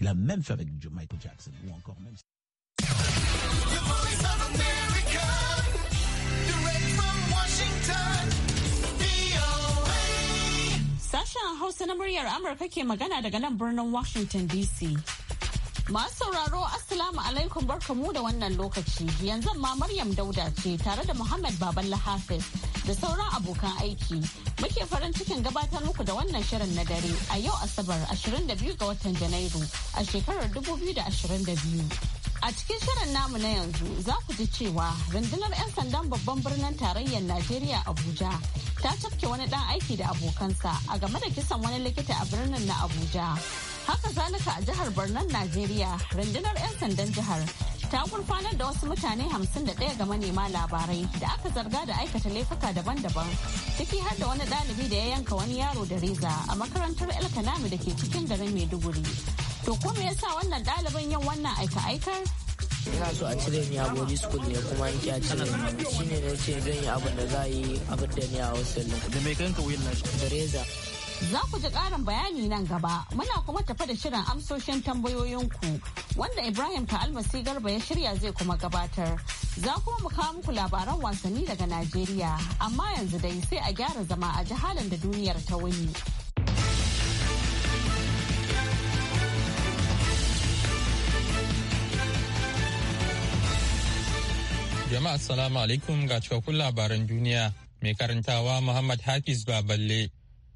Il a même fait avec Michael Jackson ou encore même. Sasha Hausa na muryar Amurka ke magana daga nan birnin Washington DC. Masu sauraro Assalamu alaikum barkamu da wannan lokaci yanzu ma Maryam Dauda ce tare da Muhammad Baban Lahafis da sauran abokan aiki muke farin cikin gabatar muku da wannan shirin na dare a yau Asabar 22 ga watan Janairu a shekarar 2022. A cikin shirin namu na yanzu za ku ji cewa rundunar 'yan sandan babban birnin tarayyar Najeriya Abuja ta cafke wani ɗan aiki da abokansa a game da kisan wani likita a birnin na Abuja. haka zalika a jihar Barnan Najeriya rundunar 'yan sandan jihar ta gurfanar da wasu mutane 51 ga manema labarai da aka zarga da aikata laifuka daban-daban ciki har da wani ɗalibi da ya yanka wani yaro da reza a makarantar elkanami da ke cikin garin Maiduguri. To ko me yasa wannan ɗaliban yin wannan aika-aikar? ina so a cire ni a body school ne kuma in kya cire ni shine ne ce zan yi abin da za yi abin da ni a hostel da me kanka wuyin na da reza Za ku ji ƙarin bayani nan gaba muna kuma tafa da shirin amsoshin tambayoyin ku wanda Ibrahim Almasi Garba ya shirya zai kuma gabatar. Za kuma mu kawo muku labaran wasanni daga Najeriya amma yanzu dai sai a gyara zama a ji halin da duniyar ta wuni. Jama'a salamu alaikum ga cikakkun labaran duniya mai karantawa Muhammad Hafiz Baballe.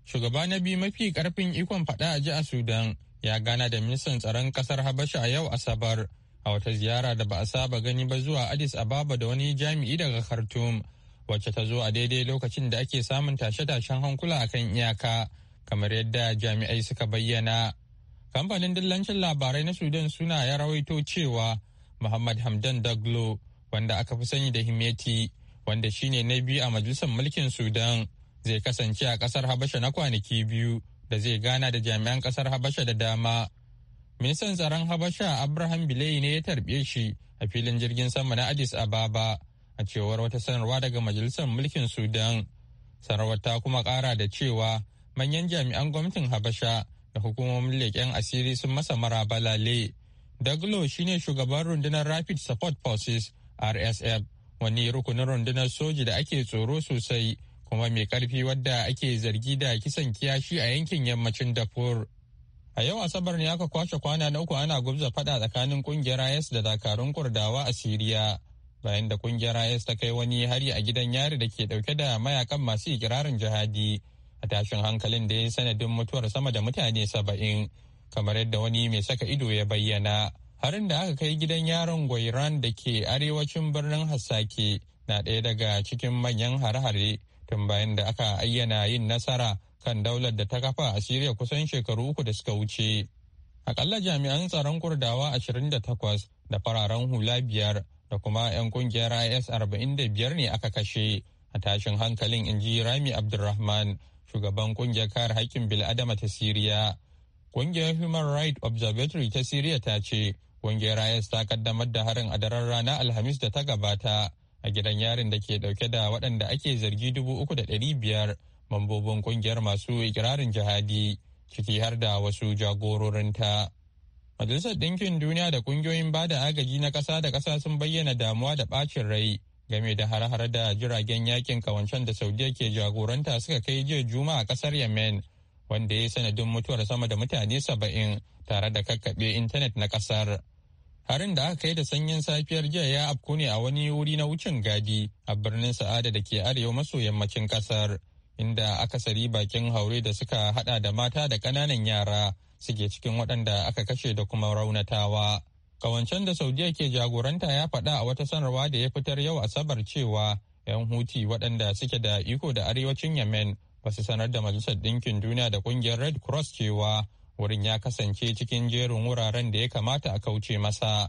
shugaba na biyu mafi karfin ikon faɗa a ji a sudan ya gana da ministan tsaron kasar habasha a yau asabar a wata ziyara da ba a saba gani ba zuwa addis ababa da wani jami'i daga khartoum wacce ta zo a daidai lokacin da ake samun tashe-tashen hankula akan iyaka kamar yadda jami'ai suka bayyana kamfanin dillancin labarai na sudan suna ya rawaito cewa muhammad hamdan daglo wanda aka fi sani da himeti wanda shine na biyu a majalisar mulkin sudan zai kasance a kasar habasha na kwanaki biyu da zai gana da jami'an kasar habasha da dama ministan tsaron habasha abraham bilayi ne ya tarbe shi a filin jirgin sama na addis ababa a cewar wata sanarwa daga majalisar mulkin sudan sanarwar kuma kara da cewa manyan jami'an gwamnatin habasha da hukumomin leƙen asiri sun masa mara balale daglo shine shugaban rundunar rapid support forces rsf wani rukunin rundunar soji da ake tsoro sosai kuma mai karfi wadda ake zargi da kisan kiyashi a yankin yammacin dafur a yau asabar ne aka kwashe kwana na uku ana gubza fada tsakanin kungiyar is da dakarun kurdawa a siriya bayan da kungiyar is ta kai wani hari a gidan yari da ke dauke da mayakan masu ikirarin jihadi a tashin hankalin da ya yi sanadin mutuwar sama da mutane saba'in kamar yadda wani mai saka ido ya bayyana harin da aka kai gidan yaron gwairan da ke arewacin birnin hassake na ɗaya daga cikin manyan hare-hare tun bayan da aka ayyana yin nasara kan daular da ta kafa a Siriya kusan shekaru uku da suka wuce. Akalla jami'an tsaron Kurdawa 28 da fararen hula biyar da kuma 'yan kungiyar IS 45 ne aka kashe a tashin hankalin inji Rami Abdulrahman, shugaban kungiyar kare haƙƙin bil'adama ta Siriya. Kungiyar Human Rights Observatory ta Siriya ta ce, kungiyar IS ta kaddamar da harin a daren rana Alhamis da ta gabata. a gidan yarin da ke dauke da waɗanda ake zargi dubu uku da ɗari biyar mambobin kungiyar masu ikirarin jihadi ciki har da wasu jagororinta. Majalisar Ɗinkin Duniya da ƙungiyoyin ba da agaji na ƙasa da ƙasa sun bayyana damuwa da ɓacin rai game da har-har da jiragen yakin kawancen da Saudiya ke jagoranta suka kai jiya juma a ƙasar Yemen, wanda ya yi sanadin mutuwar sama da mutane saba'in tare da kakkaɓe intanet na ƙasar. Harin da aka yi da sanyin safiyar jiya ya afku ne a wani wuri na wucin gadi a birnin Sa'ada da ke arewa maso yammacin kasar, inda akasari bakin haure da suka hada da mata da kananan yara suke cikin waɗanda aka kashe da kuma raunatawa. Kawancen da Saudiya ke jagoranta ya faɗa a wata sanarwa da ya fitar yau Asabar cewa 'yan Huti waɗanda suke da iko da arewacin Yemen ba su sanar da Majalisar Ɗinkin Duniya da ƙungiyar Red Cross cewa wurin ya kasance cikin jerin wuraren da ya kamata a kauce masa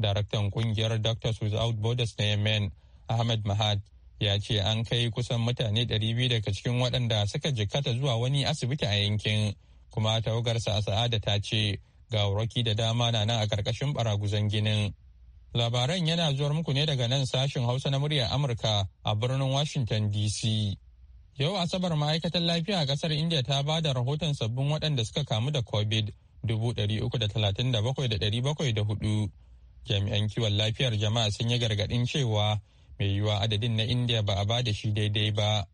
daraktan kungiyar doctors without borders na yemen ahmed mahad ya ce an kai kusan mutane 200 daga cikin waɗanda suka jikkata zuwa wani asibiti a yankin kuma tawagarsa a sa'ada ta ce gawarwaki da dama na nan a ƙarƙashin baraguzan ginin labaran yana zuwar muku ne daga nan sashin hausa na muryar amurka a birnin washington dc Yau Asabar ma'aikatar lafiya a kasar India ta ba da rahoton sabbin waɗanda suka kamu da COVID 337,704. Jami'an kiwon lafiyar jama'a sun yi gargaɗin cewa mai yiwuwa adadin na India ba a ba da shi daidai ba.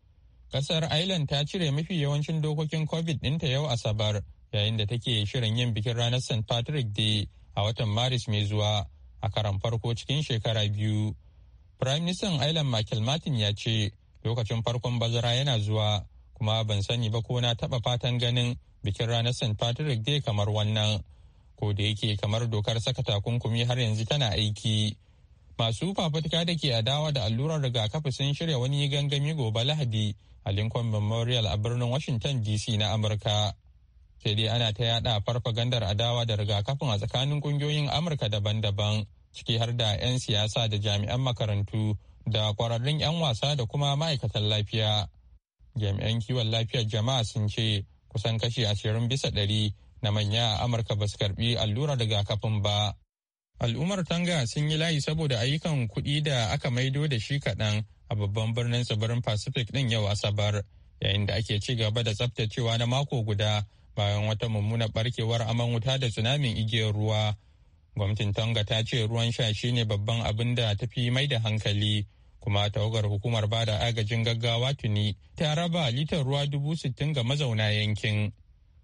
Kasar Ireland ta cire mafi yawancin dokokin COVID ɗinta yau Asabar yayin da take shirin yin bikin ranar St. Patrick Day a watan Maris mai zuwa a karan farko cikin shekara biyu. Prime Minister Ireland Michael Martin ya ce lokacin farkon bazara yana zuwa kuma ban sani ba ko na taɓa fatan ganin bikin ranar st patrick dai kamar wannan ko da yake kamar dokar saka takunkumi har yanzu tana aiki masu fafutuka da ke adawa da allurar rigakafi sun shirya wani gangami gobe lahadi a lincoln memorial a birnin washington dc na amurka sai dai ana ta yada farfagandar adawa da rigakafin a tsakanin kungiyoyin amurka daban-daban ciki har da 'yan siyasa da jami'an makarantu da kwararrun 'yan wasa da kuma ma'aikatan lafiya. Jami'an kiwon lafiyar jama'a sun ce kusan kashi ashirin bisa ɗari na manya a Amurka ba su karɓi allurar rigakafin ba. Al'ummar Tanga sun yi layi saboda ayyukan kuɗi da aka maido da shi kaɗan a babban birnin tsibirin Pacific ɗin yau Asabar, yayin da ake ci gaba da tsaftacewa na mako guda bayan wata mummunar barkewar aman wuta da tsunamin igiyar ruwa gwamnatin tonga ta ce ruwan sha shine babban abin da ta fi mai da hankali kuma tawagar hukumar ba da agajin gaggawa tuni ta raba litar ruwa dubu sittin ga mazauna yankin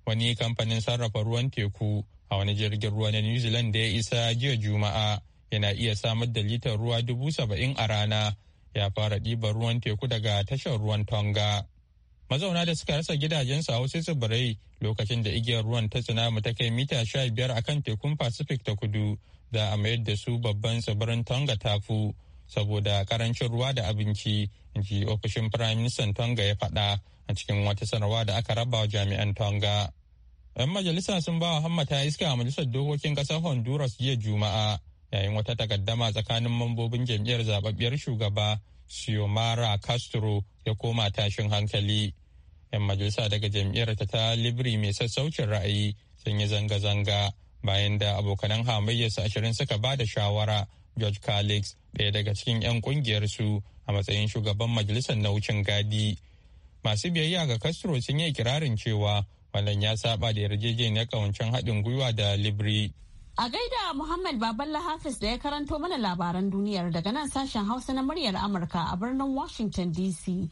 wani kamfanin sarrafa ruwan teku a wani jirgin ruwa na new zealand da ya isa jiya juma'a yana iya samar da litar ruwa dubu saba'in a rana ya fara ɗiban ruwan teku daga tashar ruwan tonga mazauna da suka rasa gidajensu a wasu tsibirai lokacin da igiyar ruwan ta tsunami ta kai mita sha biyar a kan tekun pacific ta kudu za a mayar da su babban tsibirin tonga tafu saboda karancin ruwa da abinci ji ofishin prime minister tonga ya faɗa a cikin wata sanarwa da aka raba wa jami'an tonga 'yan majalisa sun ba wa ta iska a majalisar dokokin ƙasar honduras jiya juma'a yayin wata takaddama tsakanin mambobin jam'iyyar zababbiyar shugaba xiomara castro ya koma tashin hankali 'yan majalisa daga jam'iyyar ta ta libri mai sassaucin ra'ayi sun yi zanga-zanga bayan da abokanan hamayyarsu ashirin suka ba da shawara george calix ɗaya daga cikin 'yan su a matsayin shugaban majalisar na wucin gadi masu biyayya ga castro sun yi kirarin cewa wannan ya saba da yarjejeniyar kawancen haɗin gwiwa da libri A gaida Muhammad Baballa Hafiz da ya karanto mana labaran duniyar daga nan sashen Hausa na muryar Amurka a birnin Washington DC.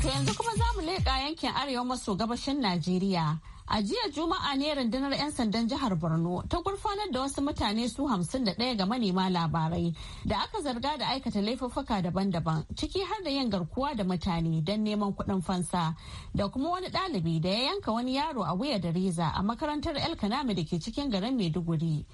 To yanzu kuma za mu leƙa yankin arewa maso gabashin Najeriya. A jiya Juma'a ne rundunar 'yan sandan jihar Borno ta gurfanar da wasu mutane su hamsin da ɗaya ga manema labarai da aka zarga da aikata laifuffuka daban-daban ciki har da yin garkuwa da mutane don neman kuɗin fansa da kuma wani ɗalibi da ya yanka wani yaro a wuya da reza a makarantar El da ke cikin garin Maiduguri.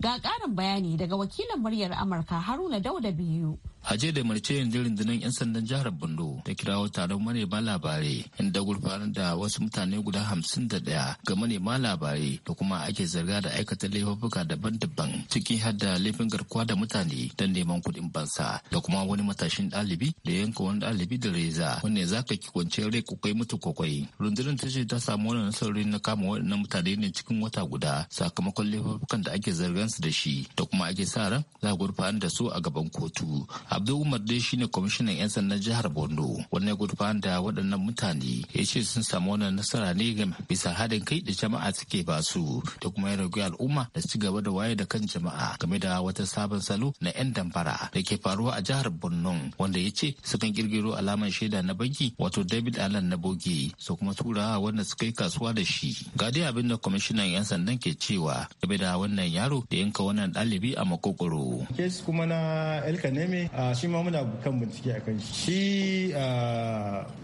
Ga ƙarin bayani daga wakilin muryar Amurka Haruna Dauda biyu. a da marce yanzu rundunar 'yan sandan jihar borno ta kirawo taron manema labarai inda gurfanar da wasu mutane guda hamsin da daya ga manema labarai da kuma ake zarga da aikata laifuka daban-daban ciki har da laifin garkuwa da mutane don neman kuɗin bansa da kuma wani matashin ɗalibi da yanka wani ɗalibi da reza wanne za ka kwance rai kai mutu kwakwai rundunar ta ce ta samu wani nasarar na kama waɗannan mutane ne cikin wata guda sakamakon laifukan da ake zargansu da shi da kuma ake sa ran za a gurfanar da su a gaban kotu abdul umar dai shine kwamishinan 'yan sandan jihar borno wannan gurfan da waɗannan mutane ya ce sun samu wannan nasara ne ga bisa haɗin kai da jama'a suke ba su da kuma ya rage al'umma da ci gaba da waye da kan jama'a game da wata sabon salo na 'yan damfara da ke faruwa a jihar borno wanda ya ce sukan kirkiro alamar shaida na banki wato david allen na boge su kuma tura wanda suka yi kasuwa da shi ga dai abin da kwamishinan 'yan sandan ke cewa game da wannan yaro da yanka wannan ɗalibi a makokoro. kes kuma na elkaneme shi ma muna kan bincike kan shi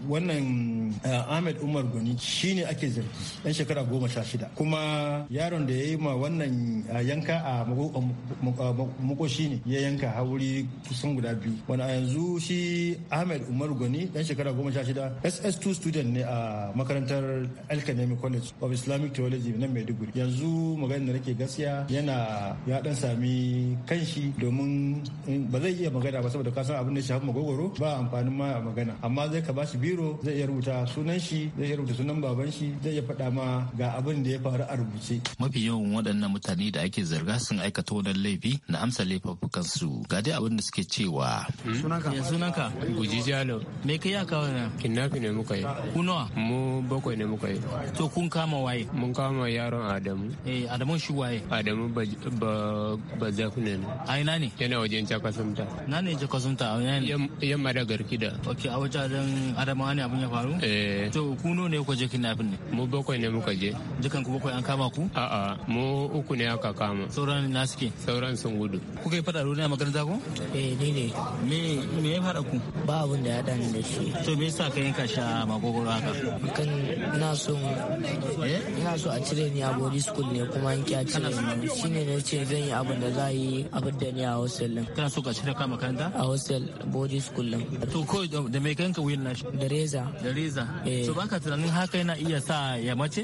wannan ahmed umar goni shi ne ake zargi ɗan shekara goma sha shida kuma yaron da ya yi ma wannan yanka a makoshi ne ya yanka hauri kusan guda biyu wani a yanzu shi ahmed umar goni ɗan shekara goma sha shida ss2 student ne a makarantar alkanemi college of islamic theology na maiduguri yanzu magana da nake gaskiya yana ya dan sami kanshi domin ba zai iya magana ba ba saboda ka san abin da shafi magogoro ba amfanin ma a magana amma zai ka bashi biro zai iya rubuta sunan shi zai iya rubuta sunan baban shi zai iya faɗa ma ga abin da ya faru a rubuce. Mafi yawan waɗannan mutane da ake zarga sun aikata wannan laifi na amsa su ga dai abin da suke cewa. Hmm? Sunanka? Ya sunanka? Guji Jalo. Me kai ya kawo na? Kidnapping ne muka yi. Ku Mu bakwai ne muka yi. To kun kama waye? Mun kama yaron Adamu. Eh Adamu shi waye? Adamu ba ba ne. A ina ne? Yana wajen Chakasamta. Na ne kike kwazumta a wani yamma da garki da ok a wajen adamawa ne abin ya faru eh to kuno ne ku je kidnapping ne mu bakwai ne muka je dukan ku bakwai an kama ku a'a mu uku ne aka kama sauran na suke sauran sun gudu kuka yi fada da makaranta ku eh ni ne me me ya fara ku ba abin da ya dan da shi to me yasa ka yanka sha magogoro haka kan na so eh? ina so a cire ni a body school ne kuma an kya cire ni shine ne ce zan yi abin da za yi abin da ni a hostel din kana so ka cire ka makaranta a hostel body school din to ko da me kanka wuyan nashi da reza da reza eh. to baka tunanin haka yana iya sa ya mace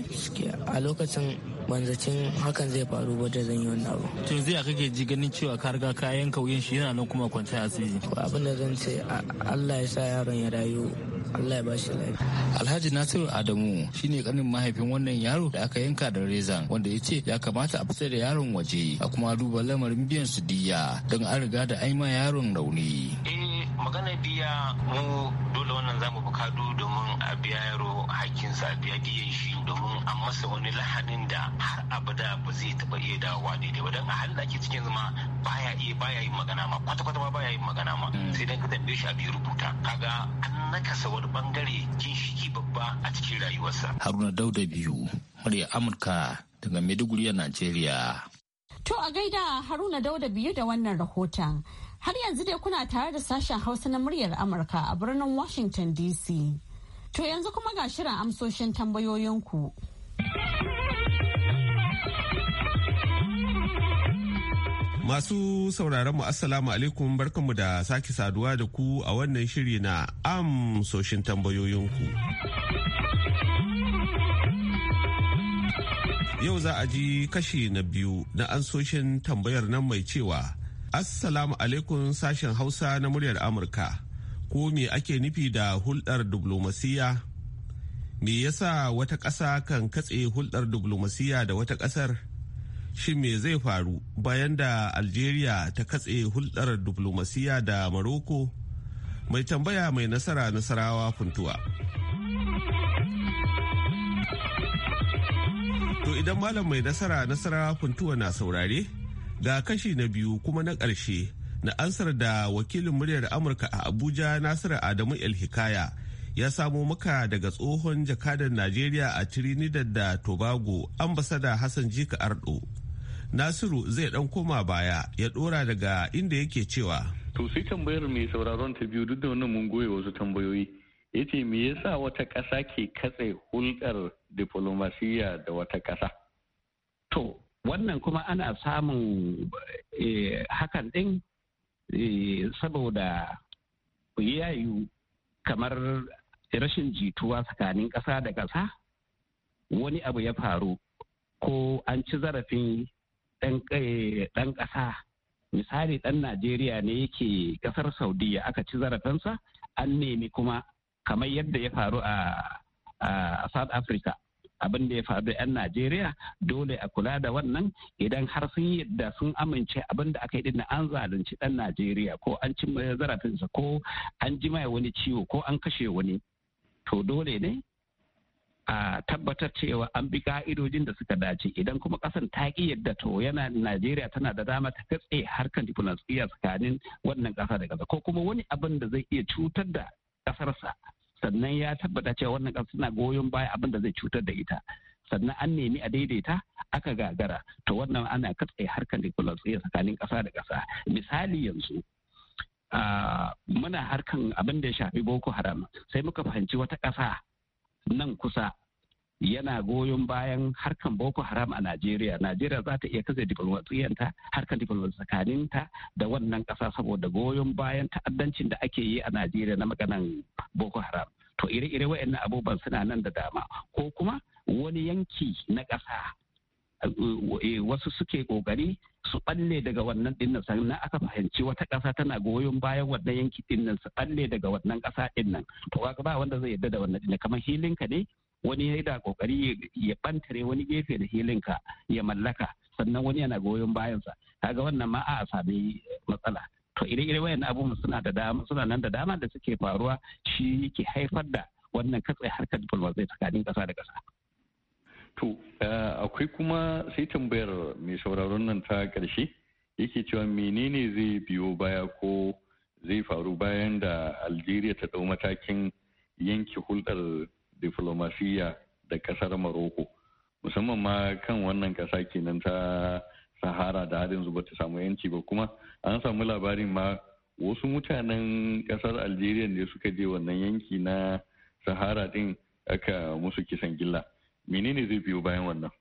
a lokacin banzacin hakan zai faru ba da zan yi wannan abu to zai aka kake ji ganin cewa ka riga kayan wuyin shi yana nan kuma kwanciya asiri abin da zan ce Allah ya sa yaron ya rayu Allah ya bashi lafiya. Alhaji Nasiru Adamu shine kanin mahaifin wannan yaro da aka yanka da rezan wanda ya ce ya kamata a fitar da yaron waje a kuma duba lamarin biyan su diya don an riga da aima yaron rauni. Eh, magana biya mu dole wannan zamu bukadu domin a biya yaro sa a biya diyan shi domin a masa wani lahanin da har abada ba zai taba iya dawowa daidai ba dan a halin da ake cikin zama baya iya baya yin magana ma kwata kwata ma baya yin magana ma mm. sai dan ka tambaye shi a biyu rubuta kaga an nakasa wani bangare ginshiki babba a cikin rayuwarsa haruna dauda biyu murya amurka daga maiduguri a najeriya to a gaida haruna dauda biyu da wannan rahoton Har yanzu dai kuna tare da sashen Hausa na muryar Amurka a birnin Washington DC. To yanzu kuma ga shirin amsoshin tambayoyinku. Masu sauraron mu Assalamu alaikum barkanmu da sake saduwa da ku a wannan shiri na amsoshin tambayoyinku. Yau za a ji kashi na biyu na ansoshin tambayar nan mai cewa Assalamu alaikum sashen Hausa na muryar Amurka. Ko me ake nufi da hulɗar diplomasiya? Me yasa wata ƙasa kan katse hulɗar diplomasiya da wata ƙasar? Shin me zai faru bayan da Algeria ta katse hulɗar diplomasiya da Morocco? Mai tambaya mai nasara nasarawa funtuwa. To idan malam mai nasara nasarawa funtuwa na saurare? ga kashi na biyu kuma na ƙarshe na ansar da wakilin muryar amurka a abuja nasiru adamu el hikaya ya samo maka daga tsohon jakadar najeriya a trinidad da tobago ambasada hassan jika ardo nasiru zai dan koma baya ya dora daga inda yake cewa to sai tambayar mai sauraron ta biyu duk da wannan mun goye wasu tambayoyi ya ce me yasa wata ƙasa ke katse hulɗar diflomasiyya da wata ƙasa to wannan kuma ana samun eh, hakan ɗin eh, saboda yayu kamar rashin jituwa tsakanin ƙasa da ƙasa wani abu ya faru ko an ci zarafin ɗan eh, ƙasa misali ɗan najeriya ne yake ƙasar saudiya aka ci zarafinsa an nemi kuma kamar yadda ya faru a south africa abin da ya faru da 'yan najeriya dole a kula da wannan idan har sun yi yadda sun amince abin da aka yi din an zalunci ɗan najeriya ko an cin zarafinsa ko an ji wani ciwo ko an kashe wani to dole ne a tabbatar cewa an bi ka'idojin da suka dace idan kuma kasan ta ki yadda to yana najeriya tana da dama ta katse harkar diflomasiyya tsakanin wannan kasa da kasa ko kuma wani abin da zai iya cutar da kasarsa sannan ya tabbata cewa wannan ƙasa suna goyon baya abin da zai cutar da ita sannan an nemi a daidaita aka gagara to wannan ana katse harkar diplomasiyya tsakanin ƙasa da ƙasa misali yanzu muna harkan abin da ya shafi boko haram sai muka fahimci wata ƙasa nan kusa yana goyon bayan harkan boko haram a najeriya najeriya za ta iya kaza diplomatsiyanta harkan diplomatsi tsakaninta da wannan kasa saboda goyon bayan ta'addancin da ake yi a najeriya na maganan boko haram to ire-ire wa'annan abubuwan suna nan da dama ko kuma wani yanki na kasa, eh, eh, wasu suke ƙoƙari su ɓalle daga wannan dinnan sannan aka fahimci wata ƙasa tana goyon bayan wannan yanki dinnan su ɓalle daga wannan ƙasa dinnan. to ba wanda zai yarda da wannan dinnan kamar hilinka ne wani da kokari ya bantare wani gefe da hilinka ya mallaka sannan wani yana goyon bayansa kaga wannan ma a sami matsala to ire-ire wayan abubuwan suna da dama suna nan da dama da suke faruwa shi yake haifar da wannan katse harkar diplomasi tsakanin kasa da kasa to eh, akwai kuma sai tambayar mai sauraron nan ta karshe yake cewa menene zai biyo baya ko zai faru bayan da algeria ta dau matakin yanke hulɗar diflomasiyya da kasar Maroko. Musamman ma kan wannan kasa kenan ta Sahara da har yanzu bata samu yanci ba kuma an samu labarin ma wasu mutanen kasar Algeria ne suka je wannan yanki na Sahara din aka musu kisan gilla. Menene zai biyo bayan wannan?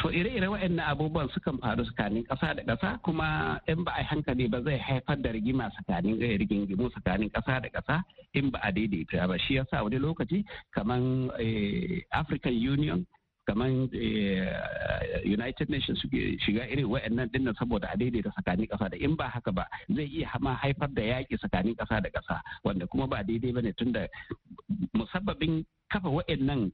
To ire-ire waɗannan abubuwan sukan faru tsakanin kasa da kasa. kuma in ba a hankali ba zai haifar da rigima tsakanin eh, rigingimu tsakanin kasa da kasa. in ba a daidaita ba shi yasa wani lokaci kaman eh, African Union kaman eh, United Nations suke shiga irin waɗannan dinnan saboda a daidaita tsakanin kasa da in ba haka ba zai iya hama haifar da yaƙi tsakanin ƙasa da kasa. wanda kuma ba daidai ba ne tunda musabbabin kafa waɗannan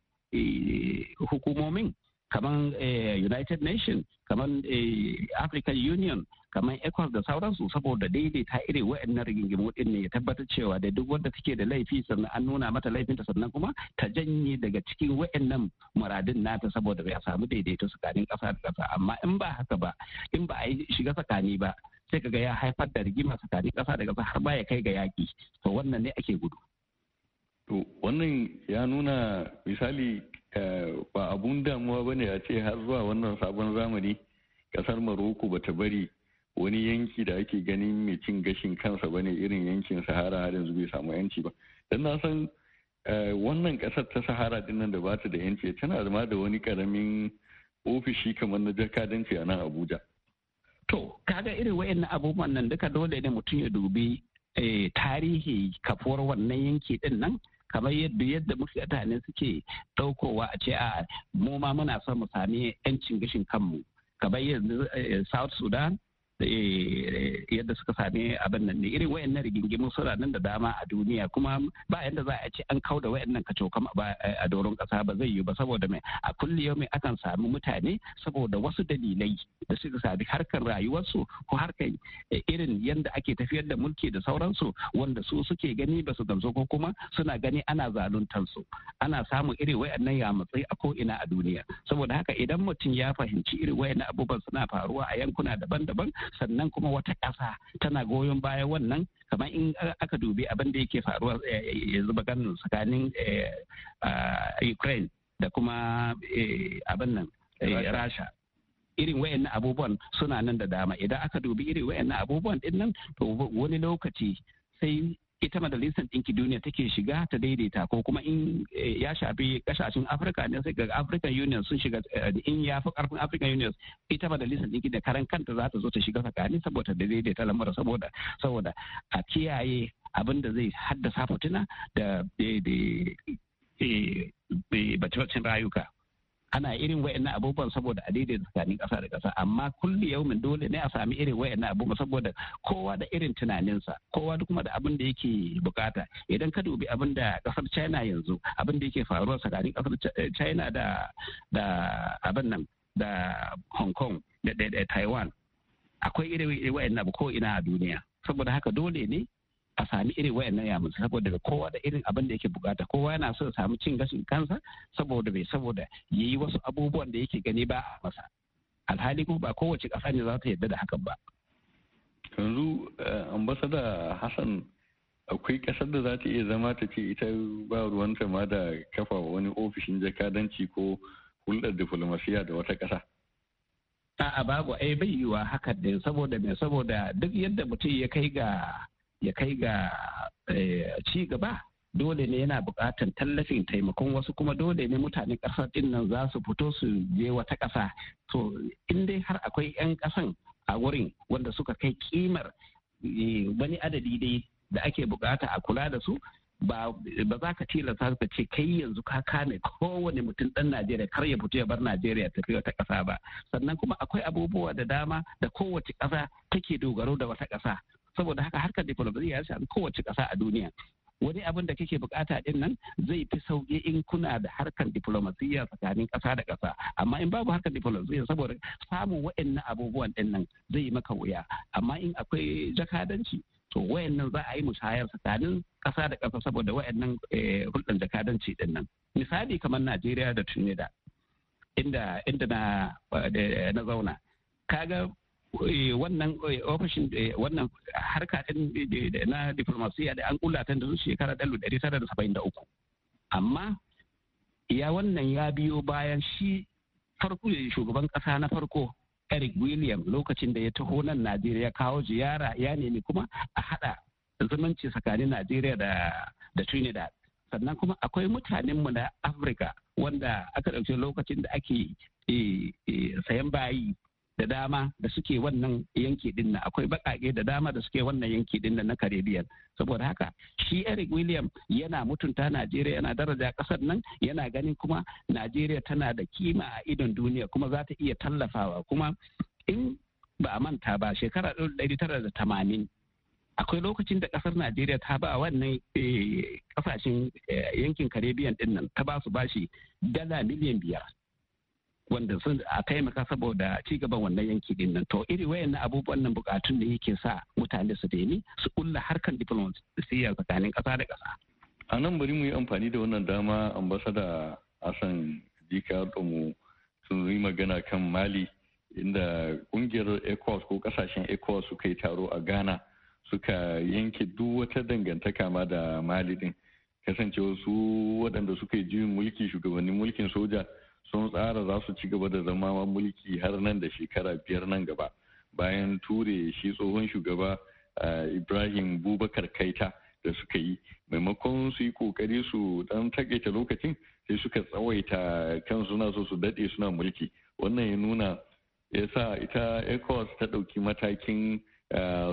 hukumomin kamar eh, united nations kamar eh, african union kamar ecos da sauransu saboda daidaita iri na rigingimu din ne ya tabbatar cewa da duk wanda take da laifi sannan an nuna mata laifinta sannan kuma ta janye daga cikin nan muradin nata saboda bai samu daidaito tsakanin kasa da kasa amma in ba haka ba in ba a yi shiga tsakani ba sai kaga ya haifar da rigima tsakanin kasa da kasa har ba ya kai ga yaki to wannan ne ake gudu to wannan ya nuna misali Eh, ba abun damuwa ba ne a ce har zuwa wannan sabon zamani kasar maroko ba ta bari wani yanki da ake ganin mai cin gashin kansa ba ne irin yankin sahara har yanzu bai samu yanci ba don na san eh, wannan kasar ta sahara nan da ba ta da yanci tana zama da wani karamin ofishi kamar na jakadanci a nan abuja to kaga irin wayannan abubuwan nan duka dole ne mutum ya dubi eh, tarihi kafuwar wannan yanki din nan kamar yadda yadda mutane suke ɗaukowa a ce a mu ma muna son mu sami 'yancin gashin kanmu kamar yanzu eh, south sudan Eh, yadda suka sami abin nan ne irin wayannan rigingimu suna nan da dama a duniya kuma ba yadda za a ce an kau da wayannan cokam eh, a doron kasa ba zai yi ba saboda mai a kulli yau mai akan sami mutane saboda wasu dalilai da suka sami harkar rayuwarsu ko harkar eh, irin yadda ake tafiyar da mulki da sauransu wanda su suke gani ba su gamsu ko kuma suna gani ana zaluntansu ana samun irin wayannan ya matsayi a ko ina a duniya saboda haka idan mutum ya fahimci irin wayannan abubuwan suna faruwa a yankuna daban-daban sannan kuma wata ƙasa tana goyon baya wannan kamar in aka dubi abin da yake faruwa eh, yanzu maganin tsakanin eh, ah, ukraine da kuma eh, abin nan rasha irin wayannan abubuwan suna nan da dama idan aka dubi irin wayannan abubuwan din nan to wani lokaci sai ita majalisar ɗinki duniya take shiga ta daidaita ko kuma in eh, ya shafi kasashen afirka ne sai ga african union sun shiga eh, in ya fi karfin african union ita majalisar ɗinki da karan kanta za ta zo ta shiga tsakani saboda da daidaita lamura saboda saboda a kiyaye abin da zai haddasa fitina da eh, bace-bacen rayuka ana irin wa'annan abubuwan saboda a daidai tsakanin ƙasa da ƙasa amma kulli min dole ne a sami irin wa'annan abubuwan saboda kowa da irin tunaninsa kowa kuma da abin da yake bukata idan ka dubi abin da ƙasar china yanzu abin da yake faruwa tsakanin ƙasar eh, china da da abin nan da hong kong da taiwan akwai irin wa'annan ko ina a duniya saboda haka dole ne a sami irin wayannan yamin saboda kowa da irin abin da yake bukata kowa yana so ya samu cin gashin kansa saboda bai saboda yayi wasu abubuwan da yake gani ba a masa alhali kuma ba kowace kasa ne za ta yarda da hakan ba yanzu eh, ambasada hassan akwai kasar da za ta iya zama ta ce ita ba ruwanta ma da kafa wani ofishin jakadanci ko hulɗar diflomasiya da wata kasa a'a babu ai bai yiwa hakan din saboda me saboda duk yadda mutum ya kai ga ya kai ga eh, ci gaba dole ne yana buƙatar tallafin taimakon wasu kuma dole ne mutane ƙasar ɗinnan nan za su fito su je wata ƙasa to in dai har akwai 'yan ƙasan a wurin wanda suka kai kimar eh, wani adadi dai da ake bukata a kula da su ba za ka tilasta ka ce kai yanzu ka kame kowane mutum ɗan Najeriya kar ya fito ya bar Najeriya tafi wata ƙasa ba sannan kuma akwai abubuwa da dama da kowace ƙasa take dogaro da wata ƙasa saboda haka harkar diplomasiya ya shafi kowace ƙasa a duniya wani abin da kake bukata din nan zai fi sauƙi in kuna da harkar diplomasiya tsakanin ƙasa da ƙasa amma in babu harkar diplomasiya saboda samun wa'annan abubuwan din nan zai yi maka wuya amma in akwai jakadanci to wayannan za a yi musayar tsakanin ƙasa da ƙasa saboda wayannan eh, hulɗar jakadanci din nan misali kamar Najeriya da Trinidad inda inda na eh, na zauna kaga Eh, wannan eh, ofishin eh, wannan harka din na diplomasiya da an kula ta da shekara uku amma ya wannan ya biyo bayan shi farko shugaban kasa na farko Eric William lokacin da ya taho nan Najeriya kawo ziyara ya nemi kuma a haɗa zumunci tsakanin Najeriya da da Trinidad sannan kuma akwai mutanenmu na Afirka wanda aka ɗauki lokacin da ake sayan bayi da dama da suke wannan yanki din na akwai bakake da dama da suke wannan yanki din na Caribbean saboda haka shi Eric William yana mutunta Najeriya yana daraja kasar nan yana ganin kuma Najeriya tana da kima a idon duniya kuma za ta iya tallafawa kuma in ba a manta ba shekara 1980 akwai lokacin da kasar Najeriya ta ba wannan kasashen eh, eh, yankin Caribbean din nan ta ba su bashi dala miliyan biyar wanda sun a taimaka saboda ci gaban wannan yanki din nan to iri na abubuwan nan bukatun da yake sa mutane su daini su kulla harkan diplomasiya tsakanin kasa da kasa a nan bari mu yi amfani da wannan dama ambasada hassan jika mu sun yi magana kan mali inda kungiyar ecowas ko kasashen ecowas suka yi taro a ghana suka yanke duk wata dangantaka ma da mali din kasancewa su waɗanda suka yi jin mulki shugabannin mulkin soja sun tsara za su ci gaba da zama mulki har nan da shekara biyar nan gaba bayan ture shi tsohon shugaba ibrahim bubakar kaita da suka yi maimakon su yi kokari su dan takaita lokacin sai suka tsawaita kan suna so su daɗe suna mulki wannan ya nuna ya sa ita Ecos ta ɗauki matakin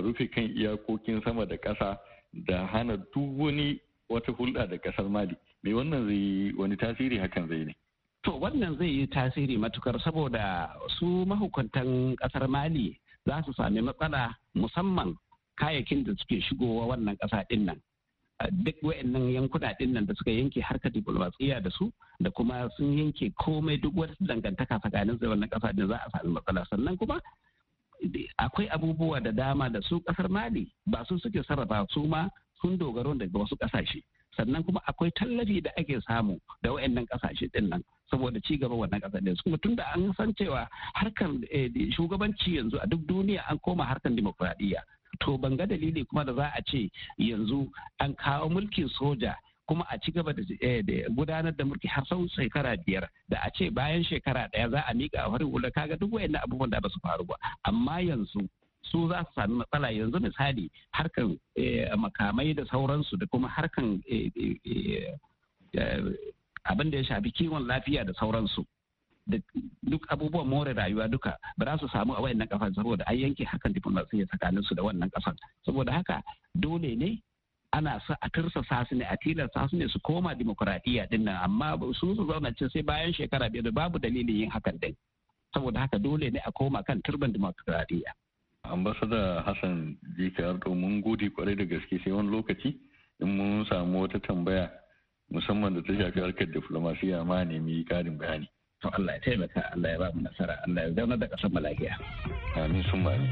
rufe kan iyakokin sama da ƙasa da hana duk wani wata hulɗa da ƙasar mali mai wannan zai wani tasiri hakan zai ne To wannan zai yi tasiri matukar saboda su mahukuntan kasar Mali za su sami matsala musamman kayakin da suke shigowa wannan kasa dinnan nan. Duk wa'annan yankuna din nan da suka yanke harkar diplomatsiya da su da kuma sun yanke komai duk wata dangantaka tsakanin da wannan kasa din za a sami matsala sannan kuma akwai abubuwa da dama da su kasar Mali ba su suke sarrafa su ma sun dogaro daga wasu kasashe. sannan kuma akwai tallafi da ake samu da wayannan kasashe din nan saboda ci gaba wannan kasar ne kuma tunda an san cewa harkar eh, shugabanci yanzu a duk duniya an koma harkar dimokuraɗiyya to ban ga dalili kuma da za a ce yanzu an kawo mulkin soja kuma a ci gaba da eh, gudanar da mulki har sau shekara biyar da a ce bayan shekara daya za a mika a farin wula kaga duk wayannan abubuwan da ba su faru ba amma yanzu su za su sami matsala yanzu misali harkan eh, makamai da sauransu da kuma harkan abin da ya shafi kiwon lafiya da sauransu da duk abubuwan more rayuwa duka ba za su samu a wayannan kafa saboda an yanke hakan diplomasi tsakanin su da wannan kasan saboda haka dole ne ana sa a tursa sasu ne a tilasta su ne su koma dimokuraɗiyya din nan amma su su zauna sai bayan shekara biyar babu dalilin yin hakan din saboda haka dole ne a koma kan turban dimokuraɗiyya. ambasada hassan jikar mun gode kwarai da gaske sai wani lokaci in mun samu wata tambaya musamman da ta shafi harkar diflomasiya ma nemi karin bayani. To Allah ya taimaka Allah ya ba nasara Allah ya zauna da ƙasar malakiya. Amin sun amin.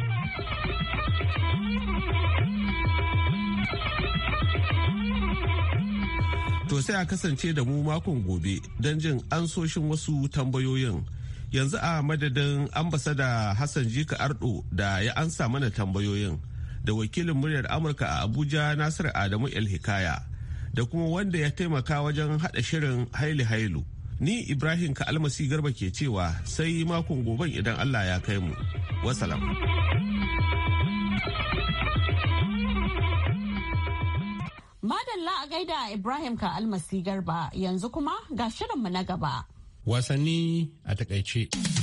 To sai a kasance da mu makon gobe don jin ansoshin wasu tambayoyin. Yanzu a madadin ambasada Hassan Jika Ardo da ya ansa mana tambayoyin da wakilin muryar Amurka a Abuja Nasiru Adamu El Hikaya. da kuma wanda ya taimaka wajen hada shirin haili hailu. Ni Ibrahim ka almasi Garba ke cewa sai makon goben idan Allah ya kai mu. Wasalam. Madalla a gaida Ibrahim almasi Garba yanzu kuma ga shirinmu na gaba. Wasanni a takaice.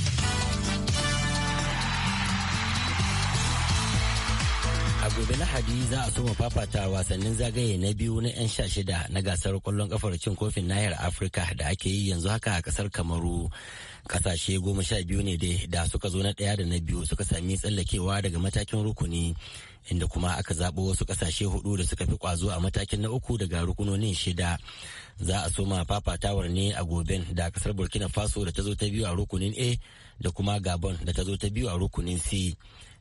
A gobe Lahadi za a soma fafata wasannin zagaye na biyu na 'yan sha shida na gasar kwallon kafar cin kofin nahiyar Afirka da ake yi yanzu haka a kasar Kamaru. Kasashe goma sha biyu ne dai da suka zo na ɗaya da na biyu suka sami tsallakewa daga matakin rukuni inda kuma aka zaɓo wasu kasashe hudu da suka fi kwazo a matakin na uku daga rukunonin shida. Za a soma fafatawar ne a gobe da kasar Burkina Faso da ta zo ta biyu a rukunin A da kuma Gabon da ta zo ta biyu a rukunin C.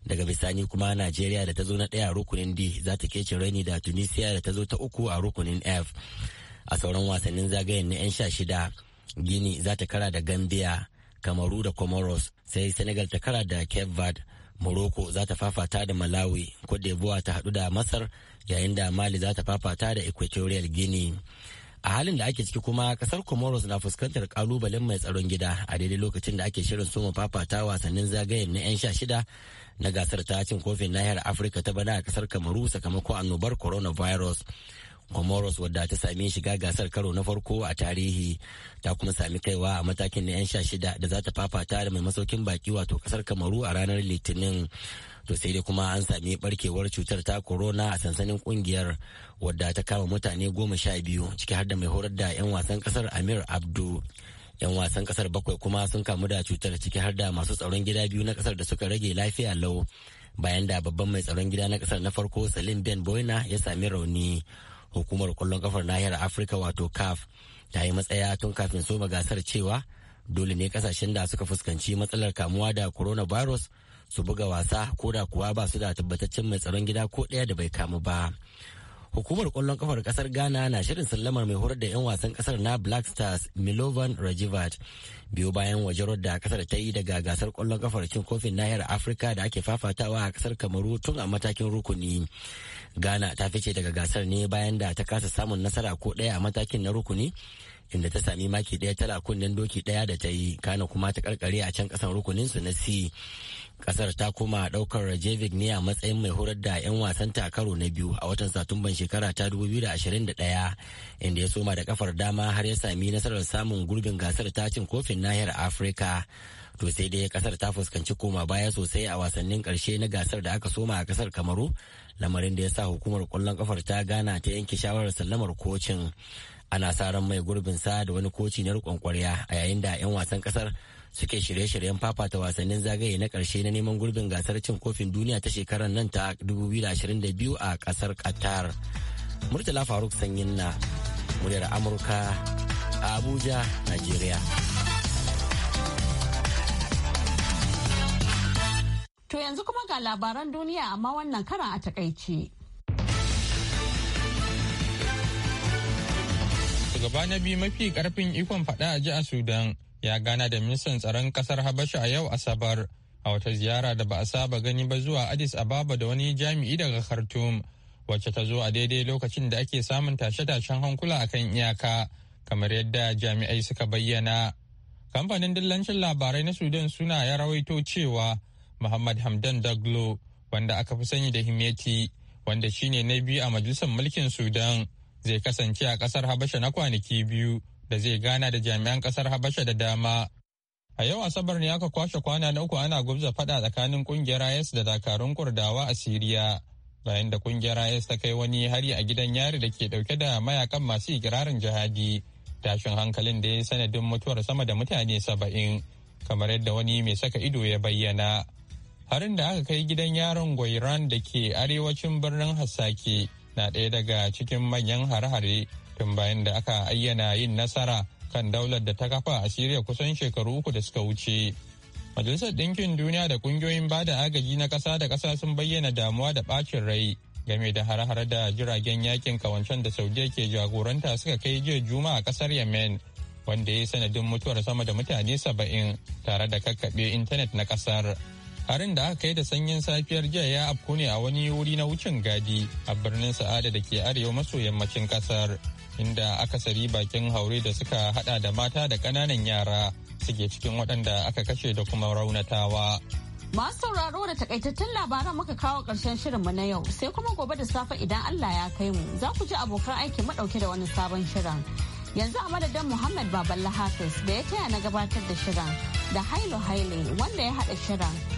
daga bisani kuma najeriya da ta zo na ɗaya a rukunin d za ta kece raini da tunisia da ta zo ta uku a rukunin f a sauran wasannin zagayen na 'yan sha shida gini za ta kara da gambia kamaru da comoros sai senegal ta kara da cape verde morocco za ta fafata da malawi cote d'ivoire ta hadu da masar yayin da mali za ta fafata da equatorial guinea a halin da ake ciki kuma kasar comoros na fuskantar kalubalen mai tsaron gida a daidai lokacin da ake shirin soma fafata wasannin zagayen na 'yan sha shida na gasar ta cin kofin nahiyar afirka ta bana a kasar kamaru sakamakon annobar coronavirus comoros wadda ta sami shiga gasar karo na farko a tarihi ta kuma sami kaiwa a matakin na 'yan sha shida da za ta fafata da mai masaukin baki wato kasar kamaru a ranar litinin to sai dai kuma an sami barkewar cutar ta corona a sansanin kungiyar wadda ta kama mutane goma sha biyu ciki har da mai horar da 'yan wasan kasar amir abdu 'yan wasan kasar bakwai kuma sun kamu da cutar ciki har da masu tsaron gida biyu na kasar da suka rage lafiya lau bayan da babban mai tsaron gida na kasar na farko salim ben boyna ya sami rauni hukumar kwallon kafar nahiyar afirka wato caf ta yi matsaya tun kafin soma gasar cewa dole ne kasashen da suka fuskanci matsalar kamuwa da coronavirus su buga wasa ko da kuwa ba su da tabbataccen mai tsaron gida ko ɗaya da bai kamu ba hukumar kwallon kafar kasar ghana na shirin sallamar mai horar da 'yan wasan kasar na black stars milovan rajivat biyu bayan wajarar da kasar ta yi daga gasar kwallon kafar cin kofin nahiyar afirka da ake fafatawa a kasar kamaru tun a matakin rukuni ghana ta fice daga gasar ne bayan da ta kasa samun nasara ko daya a matakin na rukuni inda ta sami maki ɗaya tara kunnen doki ɗaya da ta yi kana kuma ta karkare a can rukunin su na c ƙasar ta koma ɗaukar rajevic ne a matsayin mai horar da 'yan wasan takaro na biyu a watan satumban shekara ta 2021 inda ya soma da kafar dama har ya sami nasarar samun gurbin gasar ta cin kofin nahiyar afirka to sai dai kasar ta fuskanci koma baya sosai a wasannin karshe na gasar da aka soma a kasar kamaru lamarin da ya sa hukumar kwallon kafar ta gana ta yanke shawarar sallamar kocin ana sa ran mai gurbin sa da wani koci na rikon kwarya a yayin da 'yan wasan kasar suke shirye-shiryen fafata wasannin zagaye na karshe na neman gurbin gasar cin kofin duniya ta shekarar nan ta 2022 a kasar qatar murtala faruk sanyin na muryar amurka a abuja nigeria to yanzu kuma ga labaran duniya amma wannan karan a takaice. shugaba na biyu mafi karfin ikon faɗa a ji a sudan ya gana da ministan tsaron kasar habasha a yau asabar a wata ziyara da ba a saba gani ba zuwa addis ababa da wani jami'i daga khartoum wacce ta zo a daidai lokacin da ake samun tashe-tashen hankula a kan iyaka kamar yadda jami'ai suka bayyana kamfanin dillancin labarai na sudan suna ya rawaito cewa muhammad hamdan daglo wanda aka fi sani da himeti wanda shine na biyu a majalisar mulkin sudan zai kasance a kasar habasha na kwanaki biyu da zai gana da jami'an kasar habasha da dama a yau asabar ne aka kwashe kwana na uku ana gubza fada tsakanin kungiyar is da dakarun kurdawa a siriya bayan da kungiyar is ta kai wani hari a gidan yari da ke dauke da mayakan masu ikirarin jihadi tashin hankalin da ya sanadin mutuwar sama da mutane saba'in kamar yadda wani mai saka ido ya bayyana harin da aka kai gidan yaron gwairan da ke arewacin birnin hassake na ɗaya daga cikin manyan hare-hare tun bayan da aka ayyana yin nasara kan daular da ta kafa a Siriya kusan shekaru uku da suka wuce. Majalisar Ɗinkin Duniya da ƙungiyoyin ba da agaji na ƙasa da ƙasa sun bayyana damuwa da ɓacin rai game da hare-hare da jiragen yakin kawancen da Saudiya ke jagoranta suka kai jiya juma a ƙasar Yemen wanda ya yi sanadin mutuwar sama da mutane saba'in tare da kakkaɓe intanet na ƙasar. harin da aka yi da sanyin safiyar jiya ya afko ne a wani wuri na wucin gadi a birnin sa'ada da ke arewa maso yammacin kasar inda aka sari bakin haure da suka hada da mata da kananan yara suke cikin waɗanda aka kashe da kuma raunatawa Masu sauraro da takaitattun labaran muka kawo ƙarshen shirinmu na yau sai kuma gobe da safe idan Allah ya kai mu za ku ji abokan aiki ɗauke da wani sabon shirin. Yanzu a madadin Muhammad Baballa Hafiz da ya taya na gabatar da shirin da Hailo Haile wanda ya haɗa shirin.